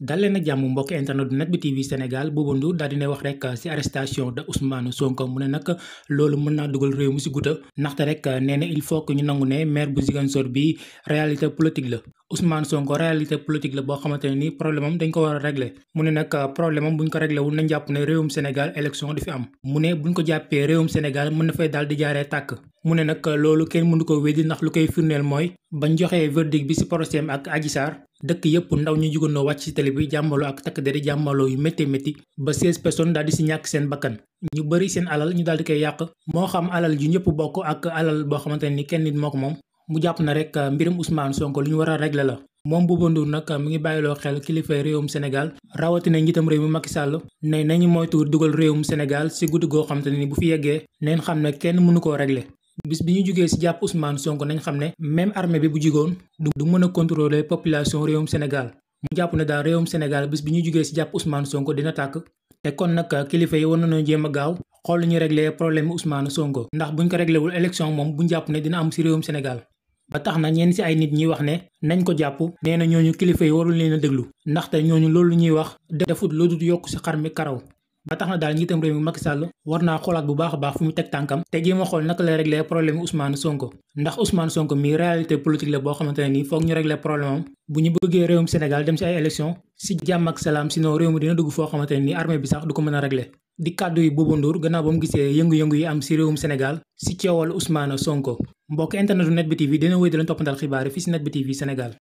dal na a jàmm mbokk internet du net bi TV Sénégal Bouba Ndour daal dina wax rek si arrestation de Ousmane Sonko mu ne nag loolu mën naa dugal réew mu si guta ndaxte rek nee na il faut que ñu nangu ne maire bu Ziguinchor bi réalité politique la Ousmane Sonko réalité politique la boo xamante ne nii problème am dañ ko war a régler mu ne nag problème am bu ñu ko réglé wul nañ jàpp ne réewum Sénégal élection du fi am mu ne bu ñu ko jàppee réewum Sénégal mën na fay daal di jaaree tàkk mu ne nag loolu kenn mënu ko weddi ndax lu koy firndeel mooy bañ joxee verdict bi ci procès ak Adji dëkk yëpp ndaw ñu jugandoo wàcc ci télé bi jàmbaloo ak takk deri jàmbaloo yu métti métti ba seize personnes daal di si ñàkk seen bakkan ñu bëri seen alal ñu daal di koy yàq moo xam alal ju ñëpp bokk ak alal boo xamante ne ni kenn nit moo ko moom mu jàpp na rek euh, mbirum Ousmane Sonko lu ñu war a régler la. moom Bouba Ndour nag euh, mi ngi bàyyiloo xel kilifa réewum Sénégal rawatina njiitam réew mag Macky Sall ne nañu moytu dugal réewum Sénégal si guddi goo xam te ni bu fi yeggee neen xam ne kenn mënu koo régler. bis bi ñu jógee si jàpp Ousmane Sonko nañ xam ne même armée bi bu jigoon du mën a contrôler population réewum Sénégal mu jàpp ne daal réewum Sénégal bis bi ñu jógee si jàpp Ousmane Sonko dina tàkk te kon nag euh, kilifa yi war nañoo a gaaw xool ñu régler problème Ousmane Sonko ndax buñ ko réglewul élection moom Sénégal ba tax na ñenn ci ay nit ñi wax ne nañ ko jàpp nee na ñooñu kilifa yi warul leen a déglu ndaxte ñooñu loolu ñuy wax defut loolu dul yokk ci xar mi karaw ba tax na daal njiitam réew mi Macky sàll war naa xoolaat bu baax baax fu mu teg tànkam te jéem a xool naka la régler problème Ousmane Sonko ndax Ousmane Sonko mii réalité politique la boo xamante ne nii foog ñu régler problème am bu ñu bëggee réewum Sénégal dem ci ay élection ci jàmm ak salaam sinon réew mi dugg foo xamante ne nii armée bi sax du ko mën a régler di kàddu yi Bouba Ndour gannaaw ba mu gisee yëngu-yëngu am ci réewum Sénégal ci coowal Ousmane Sonko mbokk internetu net bi tv dina wéy di leen toppandal xibaar yi fii si net bi tv Sénégal.